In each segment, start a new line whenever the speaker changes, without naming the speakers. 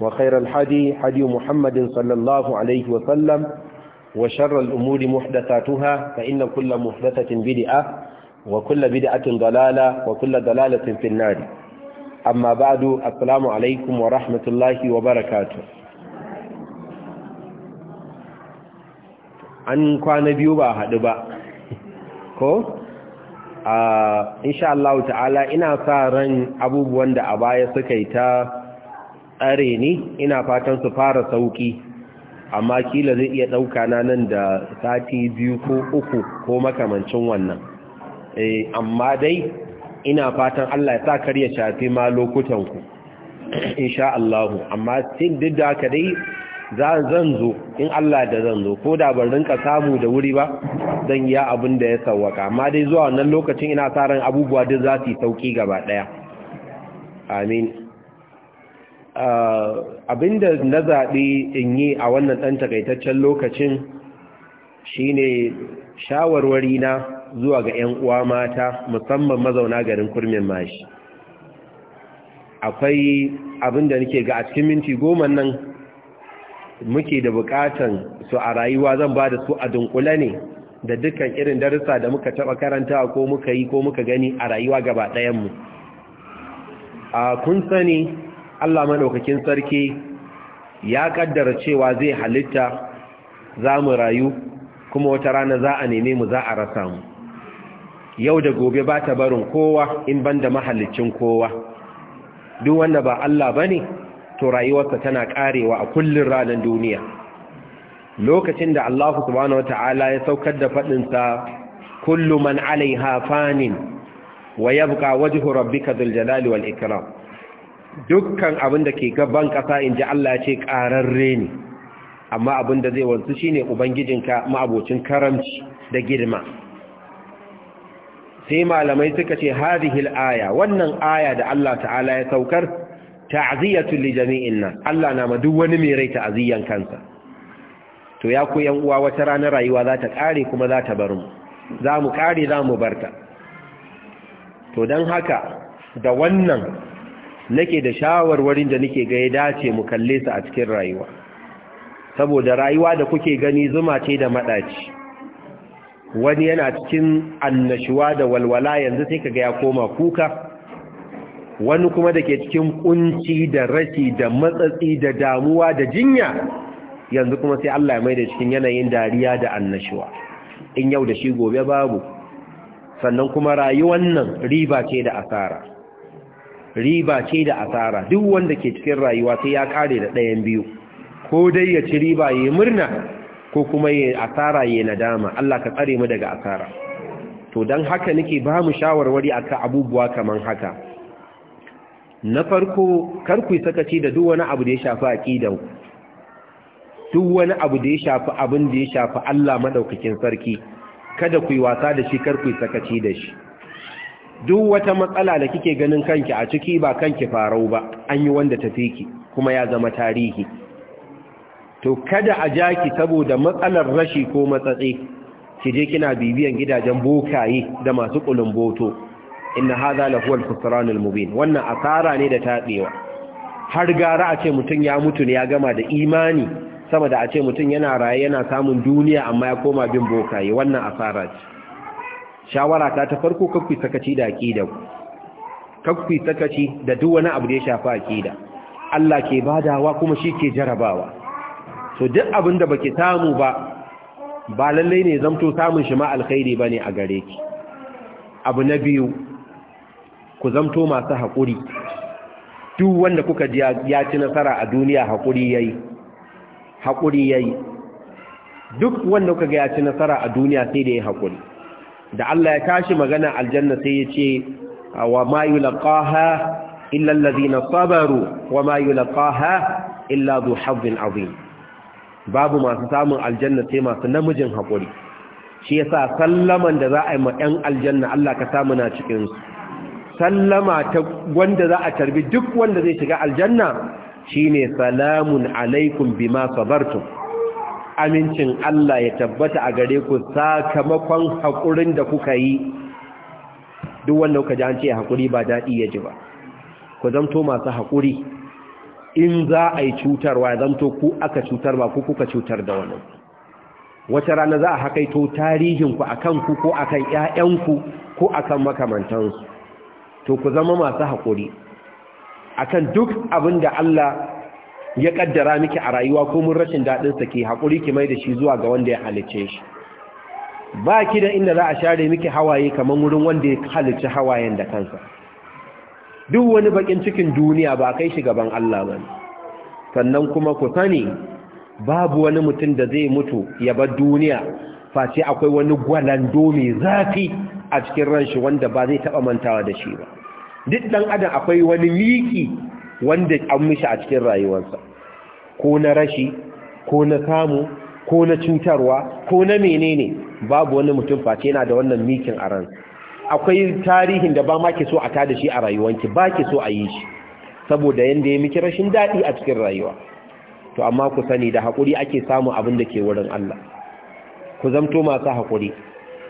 وخير الحدي حدي محمد صلى الله عليه وسلم وشر الأمور محدثاتها فإن كل محدثة بدعة وكل بدعة ضلالة وكل ضلالة في النار أما بعد السلام عليكم ورحمة الله وبركاته an kwana biyu ba haɗu ba ko insha Allah ta'ala ina sa ran abubuwan da a baya suka yi ta tsare ni ina fatan su fara sauki amma kila zai iya ɗauka na nan da sati biyu ko uku ko makamancin wannan eh, amma dai ina fatan Allah ya sa kar ya shafi ma lokutanku insha Allah amma sai duk da haka dai zan zo in Allah da zan zo ko da ban rinka samu da wuri ba zan yi abin da ya sawwaka amma dai zuwa wannan lokacin ina sa ran abubuwa duk za su yi sauki gaba ɗaya. amin abinda na zaɓi in yi a wannan ɗan takaitaccen lokacin shine shawarwari na zuwa ga 'yan uwa mata musamman mazauna garin kurmin mashi akwai abinda nake ga a cikin minti goma nan muke da bukatan su a rayuwa zan ba da su a dunkule ne da dukkan irin darussa da muka taɓa karanta ko muka yi ko muka gani a rayuwa gaba ɗayanmu a kun sani Allah maɗaukakin sarki ya ƙaddara cewa zai halitta za mu rayu kuma wata rana za a neme mu za a rasa mu yau da gobe ba ta barin kowa in ban da mahallicin kowa duk wanda ba Allah ba ne to rayuwarsa tana ƙarewa a kullum ranar duniya lokacin da Allah subhanahu wata'ala ya saukar da faɗinsa kullu man alaiha fanin wa yabqa wajhu rabbika dhul jalali wal ikram dukkan abin da ke gaban ƙasa in ji Allah ce ƙararre ne amma abin da zai wansu shi ne ubangijinka ma'abocin karamci da girma sai malamai suka ce hadihil aya wannan aya da Allah ta'ala ya saukar ta'ziyatu li jami'in nan Allah na ma duk wani mai rai ta'ziyan kansa to ya ku yan uwa wata ranar rayuwa za ta kare kuma za ta bar mu za mu kare za mu barta to don haka da wannan nake da shawarwarin da nake ga ya dace mu kalle su a cikin rayuwa saboda rayuwa da kuke gani zuma ce da madaci wani yana cikin annashuwa da walwala yanzu sai kaga ya koma kuka wani kuma da ke cikin kunci da rashi da matsatsi da damuwa da jinya yanzu kuma sai Allah ya mai da cikin yanayin dariya da annashuwa in yau da shi gobe babu sannan kuma rayuwar nan riba ce da asara riba ce da asara duk wanda ke cikin rayuwa sai ya kare da ɗayan biyu ko dai ya ci riba ya murna ko kuma ya asara ya nadama Allah ka tsare mu daga asara to dan haka nake ba mu shawarwari akan abubuwa kaman haka na farko kar yi sakaci da duk wani abu da ya shafi aqidan duk wani abu da ya shafi abin da ya shafi Allah madaukakin sarki kada ku yi wasa da shi kar ku sakaci da shi duk wata matsala da kike ganin kanki a ciki ba kanki farau ba an yi wanda tafi ki kuma ya zama tarihi to kada a ja ki saboda matsalar rashi ko matsatsi ki je kina bibiyan gidajen bokaye da masu boto inna hadha huwa al-khusran al-mubin wannan asara ne da tabewa har gara a ce mutun ya mutu ne ya gama da imani sama da a ce mutun yana raye yana samun duniya amma ya koma bin bokaye wannan asara ce shawara ta ta farko kakku sakaci da aqida kakku sakaci da duk wani abu da ya shafi aqida Allah ke badawa kuma shi ke jarabawa so duk abin da baki samu ba ba lallai ne zamto samun shi ma alkhairi bane a gare ki abu na biyu ku zamto masu haƙuri duk wanda kuka ya ci nasara a duniya haƙuri yayi haƙuri yayi duk wanda kuka ga ya ci nasara a duniya sai da ya haƙuri da Allah ya tashi magana aljanna sai ya ce wa ma yulqaha illa alladhina sabaru wa ma yulqaha illa du habbin azim babu masu samun aljanna sai masu namijin hakuri shi yasa sallaman da za a yi ma ɗan aljanna Allah ka samu na cikin su sallama ta wanda za a tarbi duk wanda zai shiga aljanna shine salamun alaikum bima sabartum amincin Allah ya tabbata a gare ku sakamakon haƙurin da kuka yi duk wanda kuka ji an ce haƙuri ba daɗi ya ji ba ku zamto masu haƙuri in za a yi cutarwa zamto ku aka cutar ba ku kuka cutar da wani wata rana za a haƙaito tarihinku a kanku ko a kan ‘ya'yanku ko a kan makamantansu to ku zama masu haƙuri a kan duk abin da Allah ya kaddara miki a rayuwa ko mun rashin daɗin sa ke hakuri ki mai da shi zuwa ga wanda ya halicce shi ba ki da inda za a share miki hawaye kamar wurin wanda ya halice hawayen da kansa duk wani bakin cikin duniya ba kai shi gaban Allah ba sannan kuma ku sani babu wani mutum da zai mutu ya bar duniya face akwai wani gwalando mai zafi a cikin ranshi wanda ba zai taba mantawa da shi ba duk dan adam akwai wani miki wanda an mishi a cikin rayuwarsa ko na rashi ko na samu ko na cutarwa ko na menene babu wani mutum face yana da wannan mikin a ran akwai tarihin da ba ma ke so a tada shi a rayuwanki ba ke so a yi shi saboda yadda ya miki rashin daɗi a cikin rayuwa to amma ku sani da haƙuri ake samu abin da ke wurin Allah ku zamto masu haƙuri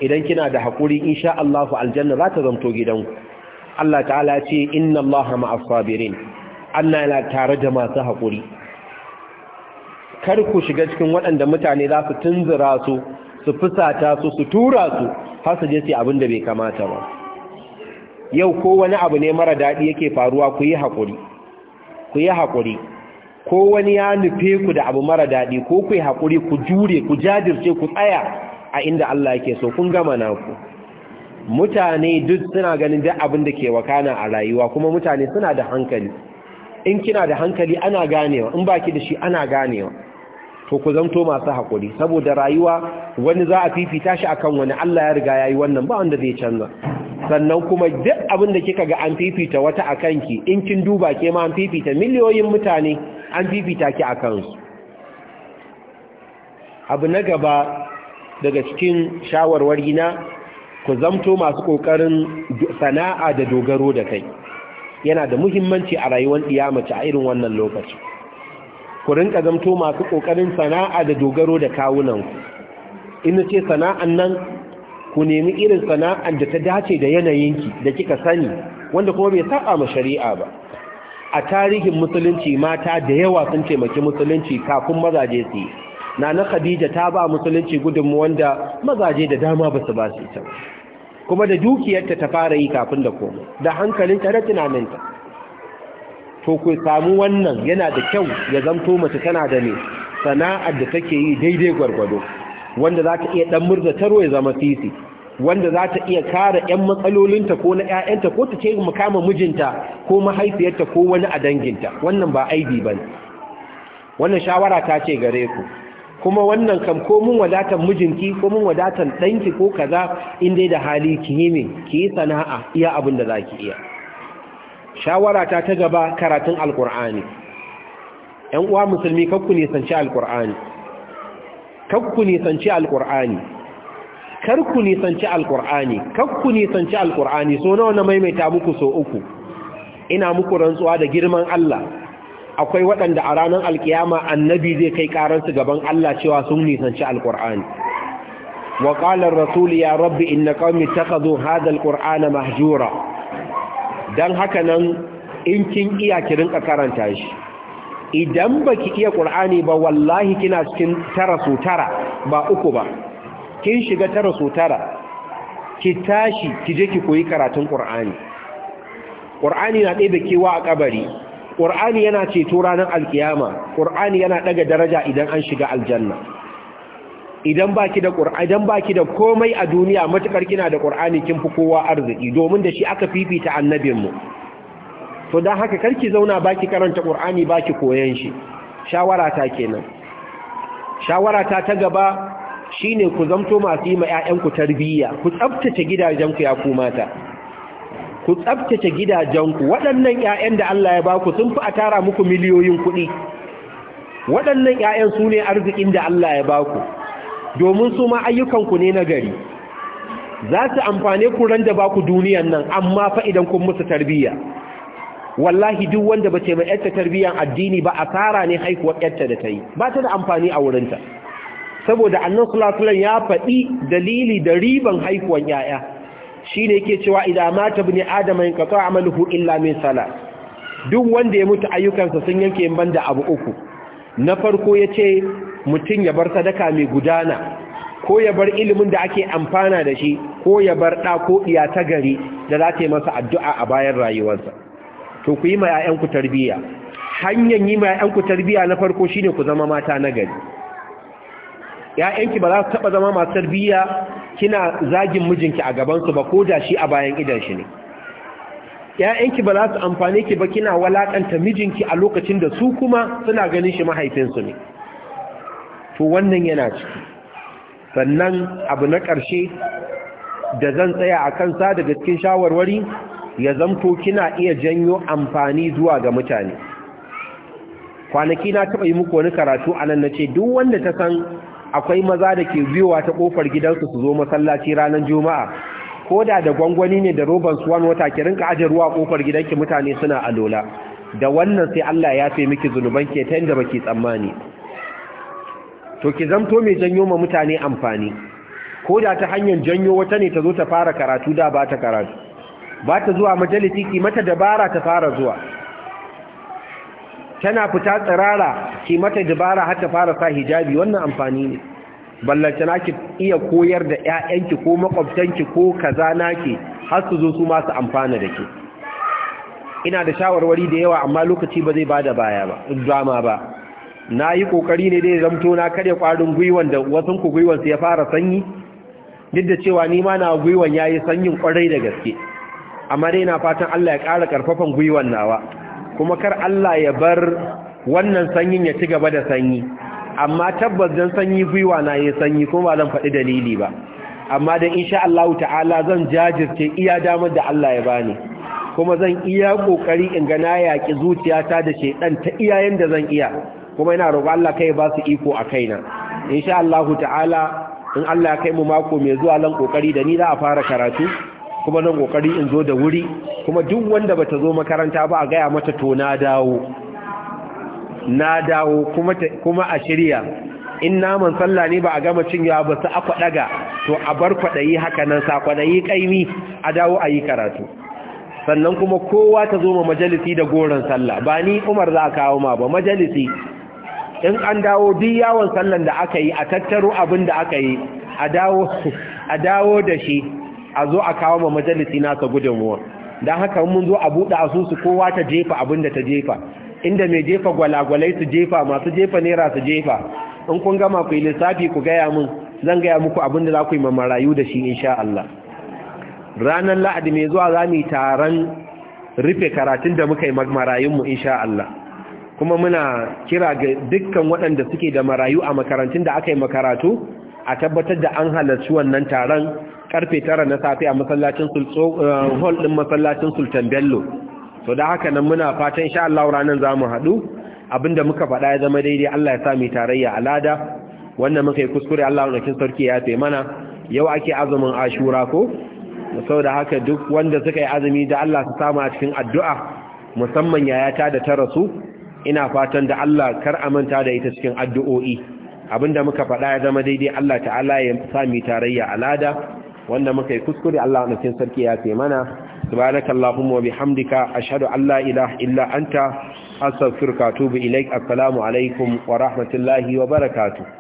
idan kina da haƙuri insha Allahu aljanna za ta zamto gidanku Allah ta'ala ya ce inna Allah ma'as sabirin Allah yana tare da masu haƙuri kar ku shiga cikin waɗanda mutane za su tunzura su su fusata su su tura su har su je su abin da bai kamata ba yau ko wani abu ne mara daɗi yake faruwa ku yi haƙuri ku yi haƙuri ko wani ya nufe ku da abu mara daɗi ko ku yi haƙuri ku jure ku jajirce ku tsaya a inda Allah yake so kun gama naku mutane duk suna ganin duk abin da ke wakana a rayuwa kuma mutane suna da hankali in kina da hankali ana ganewa in baki da shi ana ganewa to ku zanto masu haƙuri, saboda rayuwa wani za a fifita shi akan wani Allah ya riga ya yi wannan ba wanda zai canza sannan kuma duk abin da kika ga an fifita wata akan ki in kin duba ke ma an fifita miliyoyin mutane an fifita ki a kansu. abu na gaba daga cikin shawarwari na ku zamto masu kokarin sana'a da dogaro da kai yana da muhimmanci a rayuwar mace a irin wannan lokaci ku rinka zamto masu ƙoƙarin sana'a da dogaro da kawunanku ina ce sana'an nan ku nemi irin sana'an da ta dace da yanayin ki da kika sani wanda kuma bai saba ma shari'a ba a tarihin musulunci mata da yawa sun taimaki musulunci kafin mazaje su na na khadija ta ba musulunci gudunmu wanda mazaje da dama ba su ba su ita kuma da dukiyarta ta fara yi kafin da komai da hankalinta da tunaninta to ku samu wannan yana da kyau ya zamto mace tana da ne sana'ar da take yi daidai gwargwado wanda za ta iya dan murza taro ya zama titi, wanda za ta iya kare ƴan matsalolinta ko na 'ya'yanta ko ta ce makama mijinta ko mahaifiyarta ko wani a danginta wannan ba aibi ba ne wannan shawara ta ce gare ku kuma wannan kam ko mun wadatan mijinki ko mun wadatan danki, ko kaza in dai da hali ki yi ki sana'a iya abin da za iya Shawarata ta gaba karatun alkur'ani ‘yan uwa musulmi kakku nisanci alkur'ani kakku nisanci alkur'ani karku nisanci alkur'ani kakku nisanci alkur'ani so nawa na maimaita muku so uku ina muku rantsuwa da girman Allah akwai waɗanda a ranar alkiyama annabi zai kai ƙaransu gaban Allah cewa sun nisanci alkur'ani wa ƙalar rasuli ya rabbi inna qaumi takhadhu hadha alqur'ana mahjura don haka nan in kin iya ki rinka karanta shi idan baki iya ƙur'ani ba wallahi kina cikin tara su tara ba uku ba kin shiga tara su tara ki tashi ki je ki koyi karatun ƙur'ani ƙur'ani na ɗaya da kewa a ƙabari ƙur'ani yana ceto ranar alƙiyama. ƙur'ani yana ɗaga daraja idan an shiga aljanna idan baki da qur'ani idan baki da komai a duniya matukar kina da qur'ani kin fi kowa arziki domin da shi aka fifita annabin mu to dan haka karki zauna baki karanta qur'ani baki koyan shi shawara ta kenan shawara ta ta gaba shine ku zamto masu yi ma ku tarbiyya ku tsaftace gidajenku ya ku mata ku tsabtace gidajenku waɗannan 'ya'yan da Allah ya baku sun fi a tara muku miliyoyin kuɗi waɗannan 'ya'yan su ne arzikin da Allah ya baku domin su ma ayyukanku ne na gari za su amfane ku ran da ba ku duniyan nan amma fa idan kun musu tarbiyya wallahi duk wanda ba ce mai yarta tarbiyyar addini ba a asara ne haikuwa yarta da ta yi ba ta da amfani a wurinta saboda annan sulasulan ya faɗi dalili da riban haikuwan yaya shi ne ke cewa idan mata bi ne adama yin a amaluhu illa min sala duk wanda ya mutu ayyukansa sun yanke ban da abu uku na farko ya ce mutum ya bar sadaka mai gudana ko ya bar ilimin da ake amfana da shi ko ya bar ɗa ko ɗiya ta gari da za ta yi masa addu'a a bayan rayuwarsa to ku yi ma 'ya'yanku tarbiyya hanyar yi ma 'ya'yanku tarbiyya na farko shine ku zama mata na gari ‘ya'yanki ba za su taɓa zama masu tarbiyya kina zagin mijinki a gabansu ba ko da shi a bayan idan shi ne ‘ya'yanki ba za su amfani ki ba kina walaƙanta mijinki a lokacin da su kuma suna ganin shi mahaifinsu ne to wannan yana ciki sannan abu na ƙarshe da zan tsaya a sa daga cikin shawarwari ya zamto kina iya janyo amfani zuwa ga mutane kwanaki na taɓa yi muku wani karatu a nan na ce duk wanda ta san akwai maza da ke biyowa ta ƙofar gidansu su zo masallaci ranar juma'a ko da da gwangwani ne da roban suwan wata ki rinka aje ruwa ƙofar gidanki mutane suna alola da wannan sai Allah ya fi miki zunuban ke ta yadda ba ke tsammani to ki zamto mai janyo ma mutane amfani ko da ta hanyar janyo wata ne ta zo ta fara karatu da ba ta karatu ba ta zuwa majalisi ki mata dabara ta fara zuwa tana fita tsirara ki mata dabara har ta fara sa hijabi wannan amfani ne ballanta naki iya koyar da ƴaƴanki ko makwabtanki ko kaza naki har su zo su ma su amfana da ke ina da shawarwari da yawa amma lokaci ba zai bada baya ba dama ba na yi ƙoƙari ne dai zamto na karya ƙwarin gwiwan da wasu ku su ya fara sanyi duk da cewa ni ma na gwiwan ya yi sanyin ƙwarai da gaske amma dai na fatan Allah ya ƙara ƙarfafan gwiwan nawa kuma kar Allah ya bar wannan sanyin ya ci gaba da sanyi amma tabbas dan sanyi gwiwa na yi sanyi kuma ba zan faɗi dalili ba amma dan insha Allah ta'ala zan jajirce iya damar da Allah ya bani kuma zan iya ƙoƙari in ga na yaƙi zuciyata da shedan ta iyayen da zan iya kuma ina roƙo Allah kai ba su iko a kaina insha Allah ta'ala in Allah ya kai mu mako mai zuwa nan kokari da ni za a fara karatu kuma nan kokari in zo da wuri kuma duk wanda bata zo makaranta ba a gaya mata to na dawo na dawo kuma kuma a shirya in naman sallah ne ba a gama cinyewa ba su aka daga to a bar kwadayi haka nan sa kwadayi kaimi a dawo a yi karatu sannan kuma kowa ta zo ma majalisi da goron sallah ba ni Umar za a kawo ma ba majalisi in an dawo duk yawon sallan da aka yi a tattaro abin da aka yi a dawo da shi a zo a kawo ma majalisi nasa gudunmuwa don haka mun zo a buɗe asusu kowa ta jefa abin da ta jefa inda mai jefa gwalagwalai su jefa masu jefa naira su jefa in kun gama ku yi lissafi ku gaya mun zan gaya muku abin da za ku yi ma marayu da shi insha Allah ranar la'adi mai zuwa za mu yi taron rufe karatun da muka yi marayunmu insha Allah kuma muna kira ga dukkan waɗanda suke da marayu a makarantun da aka yi makaratu a tabbatar da an halarci wannan taron karfe tara na safe a masallacin eh, hall masallacin sultan bello to da haka nan muna fatan sha Allah ranar za mu haɗu abinda muka faɗa ya zama daidai Allah ya sa tarayya a lada wannan muka yi kuskure Allah ɗaukin sarki ya fe mana yau ake azumin ashura ko Sau da haka duk wanda suka yi azumi da Allah su samu a cikin addu'a musamman yayata da ta rasu ina fatan da Allah kar a manta da ita cikin addu'o'i abinda muka faɗa ya zama daidai Allah ta'ala ya sami tarayya alada wanda muka yi kuskure Allah na cikin sarki ya ce mana subhanakallahumma wa bihamdika hamdika a la allah illa anta astaghfiruka wa atubu assalamu alaikum wa rahmatullahi wa barakatuh